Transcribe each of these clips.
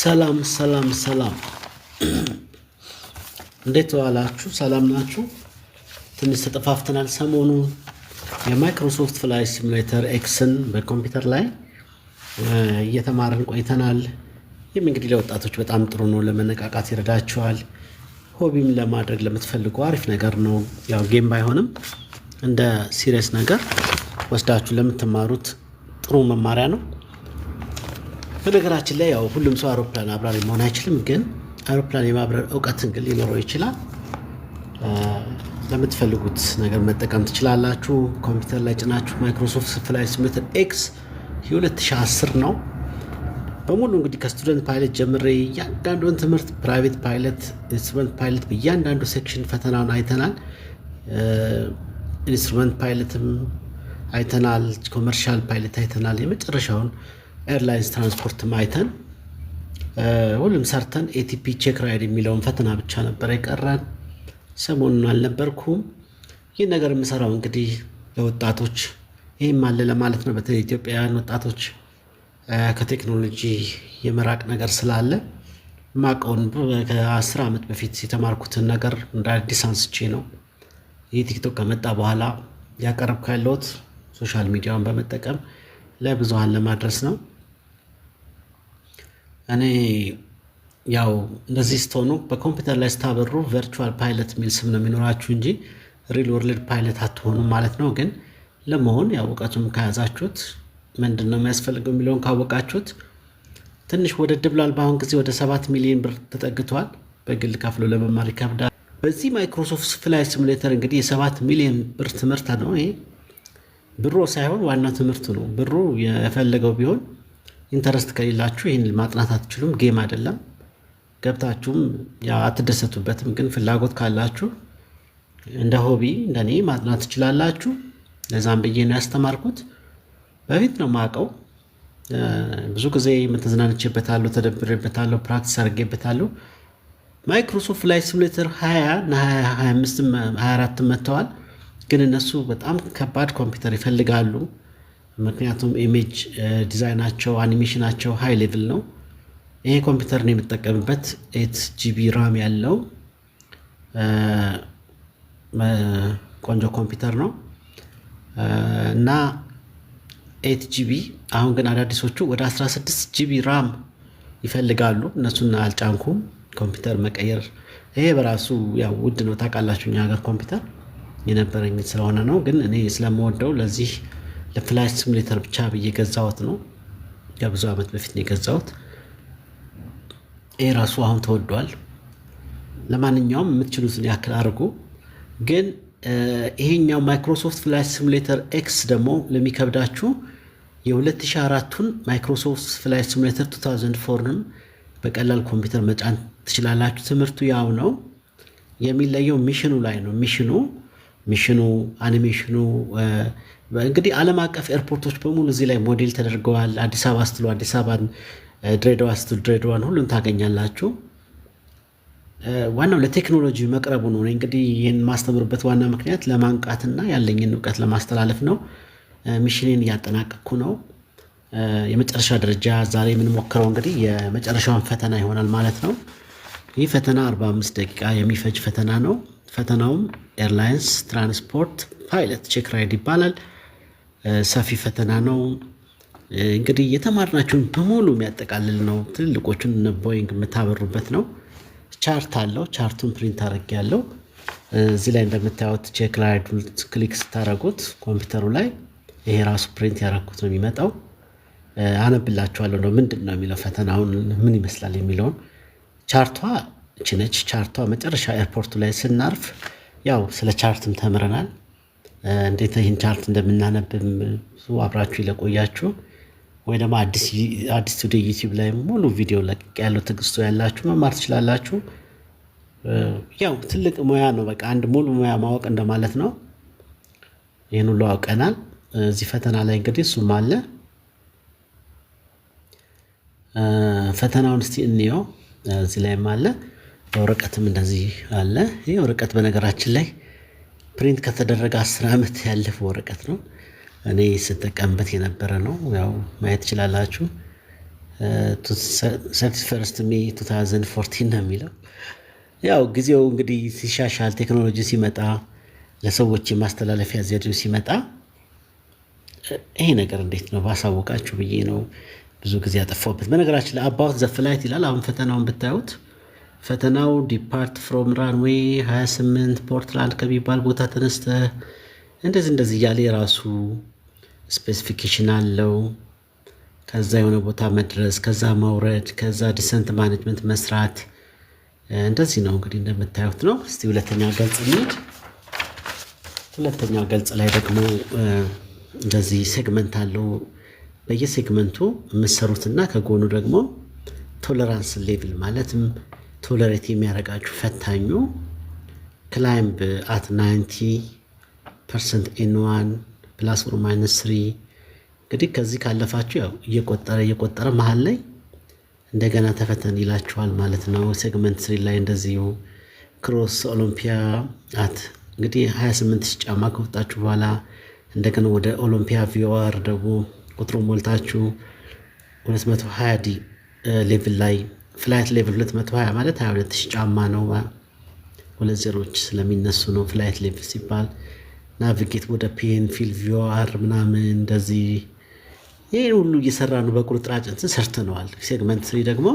ሰላም ሰላም ሰላም፣ እንዴት ዋላችሁ? ሰላም ናችሁ? ትንሽ ተጠፋፍተናል። ሰሞኑ የማይክሮሶፍት ፍላይ ሲሙሌተር ኤክስን በኮምፒውተር ላይ እየተማርን ቆይተናል። ይህም እንግዲህ ለወጣቶች በጣም ጥሩ ነው፣ ለመነቃቃት ይረዳችኋል። ሆቢም ለማድረግ ለምትፈልጉ አሪፍ ነገር ነው። ያው ጌም ባይሆንም እንደ ሲሪየስ ነገር ወስዳችሁ ለምትማሩት ጥሩ መማሪያ ነው። በነገራችን ላይ ያው ሁሉም ሰው አውሮፕላን አብራሪ መሆን አይችልም፣ ግን አውሮፕላን የማብረር እውቀትን ግን ሊኖረው ይችላል። ለምትፈልጉት ነገር መጠቀም ትችላላችሁ። ኮምፒውተር ላይ ጭናችሁ ማይክሮሶፍት ፍላይት ሲሙሌተር ኤክስ የ2010 ነው። በሙሉ እንግዲህ ከስቱደንት ፓይለት ጀምሬ እያንዳንዱን ትምህርት ፕራይቬት ፓይለት፣ ኢንስትሩመንት ፓይለት በእያንዳንዱ ሴክሽን ፈተናውን አይተናል። ኢንስትሩመንት ፓይለትም አይተናል። ኮመርሻል ፓይለት አይተናል። የመጨረሻውን ኤርላይንስ ትራንስፖርት ማይተን ሁሉም ሰርተን ኤቲፒ ቼክ ራይድ የሚለውን ፈተና ብቻ ነበር የቀረን። ሰሞኑን አልነበርኩም። ይህ ነገር የምሰራው እንግዲህ ለወጣቶች ይህም አለ ለማለት ነው። በተለይ ኢትዮጵያውያን ወጣቶች ከቴክኖሎጂ የመራቅ ነገር ስላለ ማቀውን ከአስር ዓመት በፊት የተማርኩትን ነገር እንደ አዲስ አንስቼ ነው ይህ ቲክቶክ ከመጣ በኋላ ያቀረብኩ ያለሁት ሶሻል ሚዲያውን በመጠቀም ለብዙሃን ለማድረስ ነው። እኔ ያው እንደዚህ ስትሆኑ በኮምፒውተር ላይ ስታበሩ ቨርቹዋል ፓይለት የሚል ስም ነው የሚኖራችሁ እንጂ ሪል ወርልድ ፓይለት አትሆኑም ማለት ነው። ግን ለመሆን ያው እውቀቱም ከያዛችሁት ምንድን ነው የሚያስፈልገው የሚለውን ካወቃችሁት ትንሽ ወደድ ብሏል። በአሁን ጊዜ ወደ ሰባት ሚሊዮን ብር ተጠግቷል። በግል ከፍሎ ለመማር ይከብዳል። በዚህ ማይክሮሶፍት ፍላይ ሲሙሌተር እንግዲህ የሰባት ሚሊዮን ብር ትምህርት ነው። ይሄ ብሮ ሳይሆን ዋናው ትምህርቱ ነው። ብሩ የፈለገው ቢሆን ኢንተረስት ከሌላችሁ ይህን ማጥናት አትችሉም። ጌም አይደለም። ገብታችሁም አትደሰቱበትም። ግን ፍላጎት ካላችሁ እንደ ሆቢ እንደኔ ማጥናት ትችላላችሁ። ለዛም ብዬ ነው ያስተማርኩት። በፊት ነው ማቀው ብዙ ጊዜ ተዝናንቼበታለሁ፣ ተደብሬበታለሁ፣ ፕራክቲስ አድርጌበታለሁ። ማይክሮሶፍት ፍላይት ሲሙሌተር 20 24 መጥተዋል። ግን እነሱ በጣም ከባድ ኮምፒውተር ይፈልጋሉ። ምክንያቱም ኢሜጅ ዲዛይናቸው አኒሜሽናቸው ሀይ ሌቭል ነው። ይሄ ኮምፒውተር ነው የምጠቀምበት። ኤት ጂቢ ራም ያለው ቆንጆ ኮምፒውተር ነው እና ኤት ጂቢ አሁን ግን አዳዲሶቹ ወደ 16 ጂቢ ራም ይፈልጋሉ። እነሱን አልጫንኩም። ኮምፒውተር መቀየር ይሄ በራሱ ያው ውድ ነው ታውቃላችሁ፣ እኛ ሀገር ኮምፒውተር የነበረኝ ስለሆነ ነው። ግን እኔ ስለምወደው ለዚህ ለፍላሽ ሲሙሌተር ብቻ ብዬ ገዛሁት ነው። ከብዙ ዓመት በፊት ነው የገዛሁት። ይህ ራሱ አሁን ተወዷል። ለማንኛውም የምትችሉትን ያክል አድርጉ። ግን ይሄኛው ማይክሮሶፍት ፍላሽ ሲሙሌተር ኤክስ ደግሞ ለሚከብዳችሁ የ2004ቱን ማይክሮሶፍት ፍላሽ ሲሙሌተር 2004ንም በቀላል ኮምፒውተር መጫን ትችላላችሁ። ትምህርቱ ያው ነው። የሚለየው ሚሽኑ ላይ ነው። ሚሽኑ ሚሽኑ አኒሜሽኑ እንግዲህ ዓለም አቀፍ ኤርፖርቶች በሙሉ እዚህ ላይ ሞዴል ተደርገዋል። አዲስ አበባ ስትሉ አዲስ አበባን፣ ድሬዳዋ ስትሉ ድሬዳዋን፣ ሁሉም ታገኛላችሁ። ዋናው ለቴክኖሎጂ መቅረቡ ነው። እንግዲህ ይህን ማስተምርበት ዋና ምክንያት ለማንቃትና ያለኝን እውቀት ለማስተላለፍ ነው። ሚሽኔን እያጠናቀቅኩ ነው። የመጨረሻ ደረጃ ዛሬ የምንሞክረው እንግዲህ የመጨረሻውን ፈተና ይሆናል ማለት ነው። ይህ ፈተና 45 ደቂቃ የሚፈጅ ፈተና ነው። ፈተናውም ኤርላይንስ ትራንስፖርት ፓይለት ቼክ ራይድ ይባላል። ሰፊ ፈተና ነው። እንግዲህ የተማርናችሁን በሙሉ የሚያጠቃልል ነው። ትልልቆቹን እነ ቦይንግ የምታበሩበት ነው። ቻርት አለው። ቻርቱን ፕሪንት አድርጌ ያለው እዚህ ላይ እንደምታዩት ቼክ ላይ ክሊክ ስታደረጉት ኮምፒውተሩ ላይ ይሄ ራሱ ፕሪንት ያደረኩት ነው የሚመጣው። አነብላችኋለሁ ነው ምንድን ነው የሚለው ፈተናውን ምን ይመስላል የሚለውን ቻርቷ ችነች ቻርቷ መጨረሻ ኤርፖርቱ ላይ ስናርፍ ያው ስለ ቻርትም ተምረናል። እንዴት ይህን ቻርት እንደምናነብም ብዙ አብራችሁ ለቆያችሁ ወይ ደግሞ አዲስ ቱደ ዩቲብ ላይ ሙሉ ቪዲዮ ለቅቅ ያለው ትግስቶ ያላችሁ መማር ትችላላችሁ። ያው ትልቅ ሙያ ነው። በቃ አንድ ሙሉ ሙያ ማወቅ እንደማለት ነው። ይህን ሁሉ አውቀናል። እዚህ ፈተና ላይ እንግዲህ እሱም አለ። ፈተናውን እስቲ እንየው። እዚህ ላይም አለ። ወረቀትም እንደዚህ አለ። ይህ ወረቀት በነገራችን ላይ ፕሪንት ከተደረገ አስር ዓመት ያለፈ ወረቀት ነው። እኔ ስጠቀምበት የነበረ ነው። ያው ማየት ትችላላችሁ። ሰርቲ ፈርስት ሜይ ቱ ታውዘንድ ፎርቲን ነው የሚለው። ያው ጊዜው እንግዲህ ሲሻሻል፣ ቴክኖሎጂ ሲመጣ፣ ለሰዎች የማስተላለፊያ ዘዴው ሲመጣ ይሄ ነገር እንዴት ነው ባሳወቃችሁ ብዬ ነው ብዙ ጊዜ ያጠፋሁበት። በነገራችን ላይ አባውት ይላል። አሁን ፈተናውን ብታዩት ፈተናው ዲፓርት ፍሮም ራንዌይ 28 ፖርትላንድ ከሚባል ቦታ ተነስተ እንደዚህ እንደዚህ እያለ የራሱ ስፔሲፊኬሽን አለው። ከዛ የሆነ ቦታ መድረስ፣ ከዛ መውረድ ከዛ ዲሰንት ማኔጅመንት መስራት እንደዚህ ነው እንግዲህ እንደምታዩት ነው። እስቲ ሁለተኛ ገልጽ እንሂድ። ሁለተኛ ገልጽ ላይ ደግሞ እንደዚህ ሴግመንት አለው። በየሴግመንቱ የምትሰሩትና ከጎኑ ደግሞ ቶለራንስ ሌቭል ማለትም ቶለሬት የሚያደርጋችሁ ፈታኙ ክላይምብ አት 90 ፐርሰንት ኤንዋን ፕላስ ኦር ማይነስ ስሪ እንግዲህ ከዚህ ካለፋችሁ ያው እየቆጠረ እየቆጠረ መሀል ላይ እንደገና ተፈተን ይላችኋል ማለት ነው። ሴግመንት ስሪ ላይ እንደዚሁ ክሮስ ኦሎምፒያ አት እንግዲህ 28 ሺ ጫማ ከወጣችሁ በኋላ እንደገና ወደ ኦሎምፒያ ቪዋር ደግሞ ቁጥሩ ሞልታችሁ 220 ዲ ሌቭል ላይ ፍላይት ሌቭል 220 ማለት 22000 ጫማ ነው። ሁለት ዜሮች ስለሚነሱ ነው ፍላይት ሌቭል ሲባል። ናቪጌት ወደ ፔን ፊል ቪ አር ምናምን እንደዚህ ይህን ሁሉ እየሰራ ነው። በቁርጥራጭ ሰርተነዋል። ሴግመንት ስሪ ደግሞ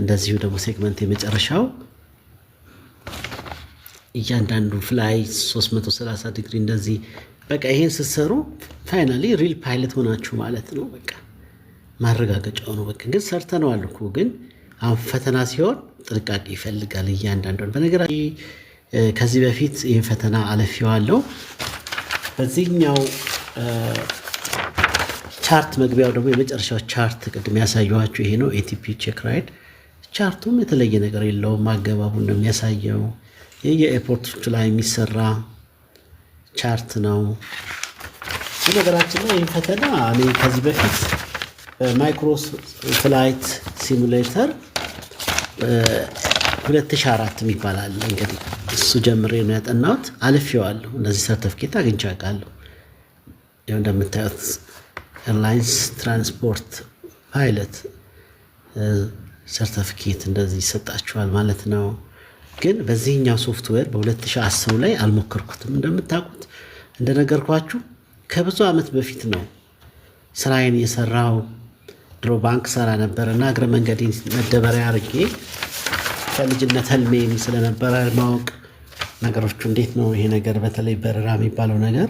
እንደዚሁ ደግሞ ሴግመንት የመጨረሻው እያንዳንዱ ፍላይ 330 ዲግሪ እንደዚህ በቃ ይሄን ስትሰሩ ፋይናሊ ሪል ፓይለት ሆናችሁ ማለት ነው በቃ ማረጋገጫው ነው። በቃ ግን ሰርተነዋል እኮ ግን አሁን ፈተና ሲሆን ጥንቃቄ ይፈልጋል እያንዳንዱ በነገር ከዚህ በፊት ይህን ፈተና አለፊዋለሁ። በዚህኛው ቻርት መግቢያው ደግሞ የመጨረሻው ቻርት ቅድም ያሳየኋችሁ ይሄ ነው። ኤቲፒ ቼክ ራይድ ቻርቱም የተለየ ነገር የለውም። አገባቡ እንደሚያሳየው የሚያሳየው። ላይ የሚሰራ ቻርት ነው። በነገራችን ላይ ይህን ፈተና እኔ ከዚህ በፊት ማይክሮ ፍላይት ሲሙሌተር 2004 የሚባል አለ። እንግዲህ እሱ ጀምሬ ነው ያጠናሁት። አልፌዋለሁ። እንደዚህ ሰርተፍኬት አግኝቼ አውቃለሁ። እንደምታዩት ኤርላይንስ ትራንስፖርት ፓይለት ሰርተፍኬት እንደዚህ ይሰጣችኋል ማለት ነው። ግን በዚህኛው ሶፍትዌር በ2010 ላይ አልሞከርኩትም። እንደምታውቁት እንደነገርኳችሁ ከብዙ ዓመት በፊት ነው ስራዬን የሰራው ድሮ ባንክ ሰራ ነበር እና እግረ መንገድ መደበሪያ አድርጌ ከልጅነት ህልሜም ስለነበረ ማወቅ ነገሮቹ እንዴት ነው ይሄ ነገር በተለይ በረራ የሚባለው ነገር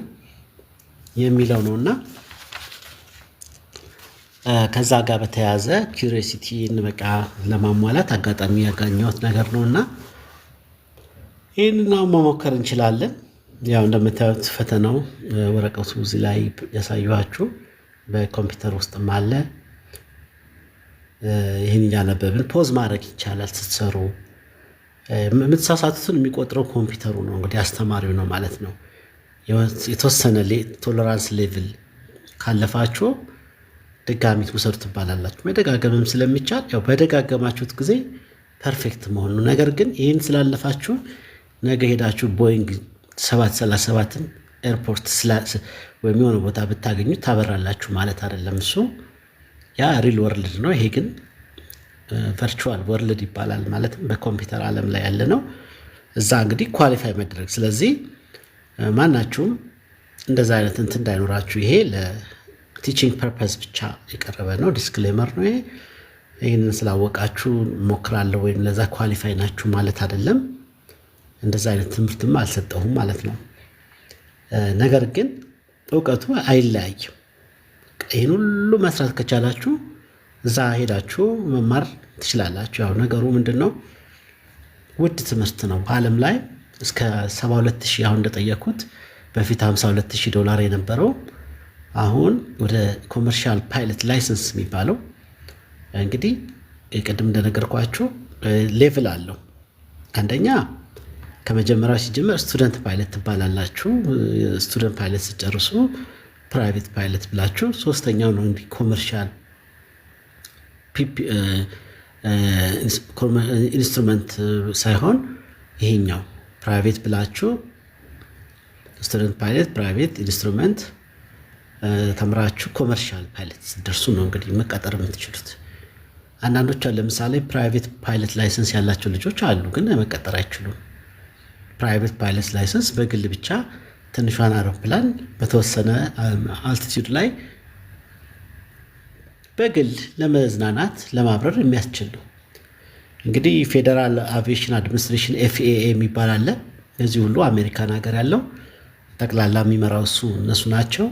የሚለው ነው እና ከዛ ጋር በተያያዘ ኪሪሲቲን በቃ ለማሟላት አጋጣሚ ያገኘሁት ነገር ነው እና ይህንን አሁን መሞከር እንችላለን። ያው እንደምታዩት ፈተናው ወረቀቱ እዚህ ላይ ያሳየኋችሁ በኮምፒውተር ውስጥም አለ። ይህን እያነበብን ፖዝ ማድረግ ይቻላል። ስትሰሩ የምትሳሳቱትን የሚቆጥረው ኮምፒውተሩ ነው፣ እንግዲህ አስተማሪው ነው ማለት ነው። የተወሰነ ቶለራንስ ሌቭል ካለፋችሁ ድጋሚት ውሰዱ ትባላላችሁ። መደጋገምም ስለሚቻል ያው በደጋገማችሁት ጊዜ ፐርፌክት መሆኑ ነገር ግን ይህን ስላለፋችሁ ነገ ሄዳችሁ ቦይንግ 737ን ኤርፖርት ወይም የሆነ ቦታ ብታገኙት ታበራላችሁ ማለት አይደለም እሱ ያ ሪል ወርልድ ነው። ይሄ ግን ቨርቹዋል ወርልድ ይባላል። ማለትም በኮምፒውተር ዓለም ላይ ያለ ነው። እዛ እንግዲህ ኳሊፋይ መድረግ ስለዚህ ማናችሁም እንደዛ አይነት እንትን እንዳይኖራችሁ። ይሄ ለቲቺንግ ፐርፐስ ብቻ የቀረበ ነው። ዲስክሌመር ነው ይሄ። ይህንን ስላወቃችሁ ሞክራለሁ ወይም ለዛ ኳሊፋይ ናችሁ ማለት አይደለም። እንደዛ አይነት ትምህርትም አልሰጠሁም ማለት ነው። ነገር ግን እውቀቱ አይለያይም። ይህን ሁሉ መስራት ከቻላችሁ እዛ ሄዳችሁ መማር ትችላላችሁ። ያው ነገሩ ምንድን ነው? ውድ ትምህርት ነው። በዓለም ላይ እስከ 72 ሺህ አሁን እንደጠየኩት በፊት 52 ሺህ ዶላር የነበረው አሁን ወደ ኮመርሻል ፓይለት ላይሰንስ የሚባለው እንግዲህ ቅድም እንደነገርኳችሁ ሌቭል አለው። አንደኛ ከመጀመሪያው ሲጀመር ስቱደንት ፓይለት ትባላላችሁ። ስቱደንት ፓይለት ስጨርሱ ፕራይቬት ፓይለት ብላችሁ ሶስተኛው ነው እንግዲህ ኮመርሻል ኢንስትሩመንት ሳይሆን ይሄኛው ፕራይቬት ብላችሁ ስቱደንት ፓይለት ፕራይቬት ኢንስትሩመንት ተምራችሁ ኮመርሻል ፓይለት ስደርሱ ነው እንግዲህ መቀጠር የምትችሉት። አንዳንዶች ለምሳሌ ፕራይቬት ፓይለት ላይሰንስ ያላቸው ልጆች አሉ፣ ግን መቀጠር አይችሉም። ፕራይቬት ፓይለት ላይሰንስ በግል ብቻ ትንሿን አውሮፕላን በተወሰነ አልቲቲዩድ ላይ በግል ለመዝናናት ለማብረር የሚያስችል ነው። እንግዲህ ፌዴራል አቪዬሽን አድሚኒስትሬሽን ኤፍኤኤ የሚባል አለ። እዚህ ሁሉ አሜሪካን ሀገር ያለው ጠቅላላ የሚመራው እሱ እነሱ ናቸው።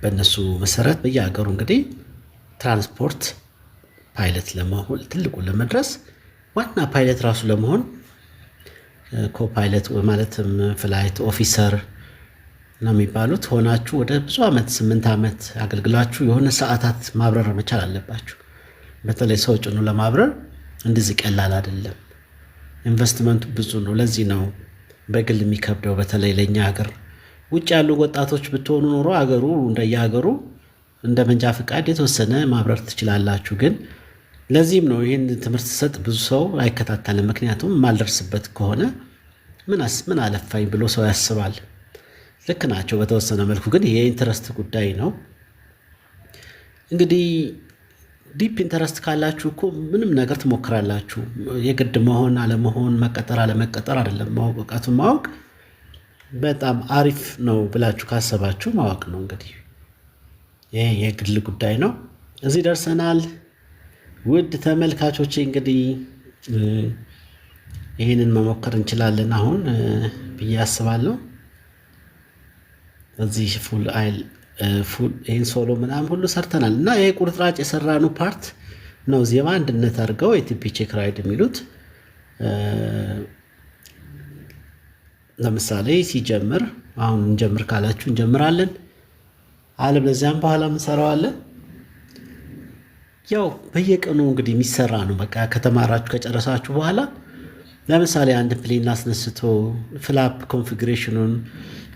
በእነሱ መሰረት በየሀገሩ እንግዲህ ትራንስፖርት ፓይለት ለመሆን ትልቁ ለመድረስ ዋና ፓይለት ራሱ ለመሆን ኮፓይለት ማለትም ፍላይት ኦፊሰር ነው የሚባሉት ሆናችሁ ወደ ብዙ ዓመት ስምንት ዓመት አገልግላችሁ የሆነ ሰዓታት ማብረር መቻል አለባችሁ። በተለይ ሰው ጭኑ ለማብረር እንደዚህ ቀላል አይደለም። ኢንቨስትመንቱ ብዙ ነው። ለዚህ ነው በግል የሚከብደው በተለይ ለእኛ ሀገር። ውጭ ያሉ ወጣቶች ብትሆኑ ኖሮ አገሩ እንደየሀገሩ እንደ መንጃ ፈቃድ የተወሰነ ማብረር ትችላላችሁ ግን ለዚህም ነው ይህን ትምህርት ስሰጥ ብዙ ሰው አይከታተልም። ምክንያቱም የማልደርስበት ከሆነ ምን አለፋኝ ብሎ ሰው ያስባል። ልክ ናቸው በተወሰነ መልኩ፣ ግን ይሄ ኢንተረስት ጉዳይ ነው። እንግዲህ ዲፕ ኢንተረስት ካላችሁ እኮ ምንም ነገር ትሞክራላችሁ። የግድ መሆን አለመሆን፣ መቀጠር አለመቀጠር አይደለም። ማወቅ እውቀቱን ማወቅ በጣም አሪፍ ነው ብላችሁ ካሰባችሁ ማወቅ ነው። እንግዲህ ይህ የግል ጉዳይ ነው። እዚህ ደርሰናል። ውድ ተመልካቾቼ እንግዲህ ይህንን መሞከር እንችላለን አሁን ብዬ አስባለሁ። እዚህ ፉል አይል ይህን ሶሎ ምናምን ሁሉ ሰርተናል እና ይህ ቁርጥራጭ የሰራኑ ፓርት ነው ዜማ አንድነት አድርገው የቲፒ ቼክ ራይድ የሚሉት ለምሳሌ ሲጀምር አሁን እንጀምር ካላችሁ እንጀምራለን፣ አለበለዚያም በኋላ እንሰራዋለን። ያው በየቀኑ እንግዲህ የሚሰራ ነው። በቃ ከተማራችሁ ከጨረሳችሁ በኋላ ለምሳሌ አንድ ፕሌን አስነስቶ ፍላፕ ኮንፊግሬሽኑን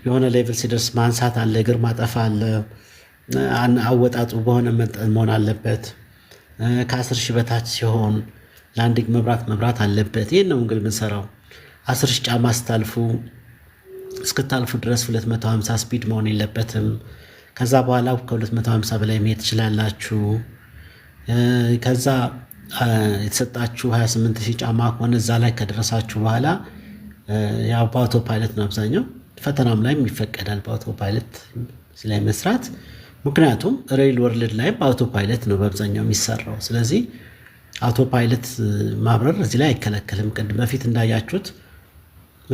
የሆነ ሌቭል ሲደርስ ማንሳት አለ፣ እግር ማጠፍ አለ፣ አወጣጡ በሆነ መጠን መሆን አለበት። ከአስር ሺህ በታች ሲሆን ላንዲንግ መብራት መብራት አለበት። ይህን ነው እንግዲህ የምንሰራው። አስር ሺህ ጫማ ስታልፉ እስክታልፉ ድረስ 250 ስፒድ መሆን የለበትም። ከዛ በኋላ ከ250 በላይ መሄድ ትችላላችሁ። ከዛ የተሰጣችሁ 28 ሺህ ጫማ ከሆነ እዛ ላይ ከደረሳችሁ በኋላ ያው በአውቶ ፓይለት ነው አብዛኛው ፈተናም ላይም ይፈቀዳል በአውቶ ፓይለት ላይ መስራት። ምክንያቱም ሬል ወርልድ ላይ በአውቶ ፓይለት ነው በአብዛኛው የሚሰራው። ስለዚህ አውቶ ፓይለት ማብረር እዚህ ላይ አይከለከልም። ቅድም በፊት እንዳያችሁት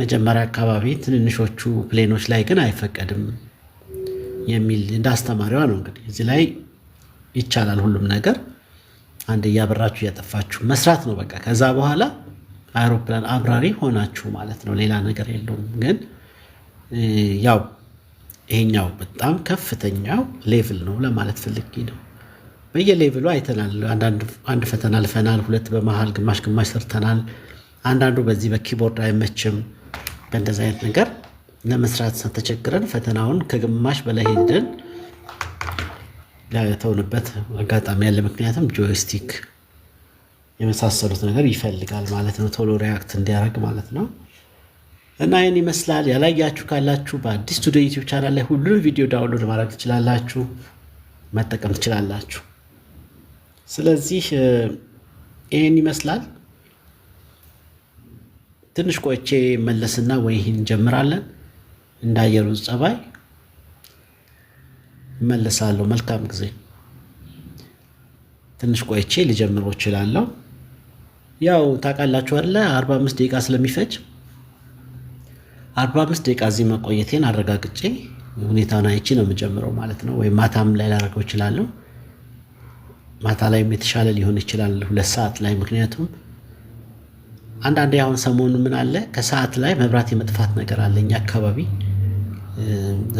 መጀመሪያ አካባቢ ትንንሾቹ ፕሌኖች ላይ ግን አይፈቀድም የሚል እንዳስተማሪዋ ነው እንግዲህ እዚህ ላይ ይቻላል ሁሉም ነገር አንድ እያበራችሁ እያጠፋችሁ መስራት ነው በቃ። ከዛ በኋላ አውሮፕላን አብራሪ ሆናችሁ ማለት ነው። ሌላ ነገር የለውም። ግን ያው ይሄኛው በጣም ከፍተኛው ሌቭል ነው ለማለት ፈልጌ ነው። በየሌቭሉ አይተናል። አንድ ፈተና አልፈናል፣ ሁለት በመሃል ግማሽ ግማሽ ሰርተናል። አንዳንዱ በዚህ በኪቦርድ አይመችም። በእንደዚህ አይነት ነገር ለመስራት ተቸግረን ፈተናውን ከግማሽ በላይ ሄደን ያተውንበት አጋጣሚ ያለ። ምክንያትም ጆይስቲክ የመሳሰሉት ነገር ይፈልጋል ማለት ነው፣ ቶሎ ሪያክት እንዲያደርግ ማለት ነው። እና ይህን ይመስላል። ያላያችሁ ካላችሁ በአዲስ ቱደ ዩቲዩብ ቻናል ላይ ሁሉንም ቪዲዮ ዳውንሎድ ማድረግ ትችላላችሁ፣ መጠቀም ትችላላችሁ። ስለዚህ ይህን ይመስላል። ትንሽ ቆይቼ መለስና ወይ ይህን እንጀምራለን እንደ ጸባይ እመለሳለሁ። መልካም ጊዜ። ትንሽ ቆይቼ ሊጀምሮ እችላለሁ። ያው ታውቃላችሁ አይደለ 45 ደቂቃ ስለሚፈጅ 45 ደቂቃ እዚህ መቆየቴን አረጋግጬ ሁኔታውን አይቼ ነው የምጀምረው ማለት ነው። ወይም ማታም ላይ ላደርገው እችላለሁ። ማታ ላይም የተሻለ ሊሆን ይችላል ሁለት ሰዓት ላይ ምክንያቱም አንዳንዴ አሁን ሰሞኑ ምን አለ ከሰዓት ላይ መብራት የመጥፋት ነገር አለ እኛ አካባቢ።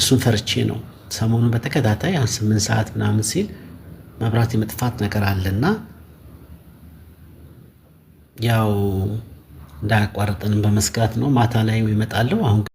እሱን ፈርቼ ነው ሰሞኑን በተከታታይ ያን ስምንት ሰዓት ምናምን ሲል መብራት የመጥፋት ነገር አለና ያው እንዳያቋርጠንም በመስጋት ነው። ማታ ላይ ይመጣለው አሁን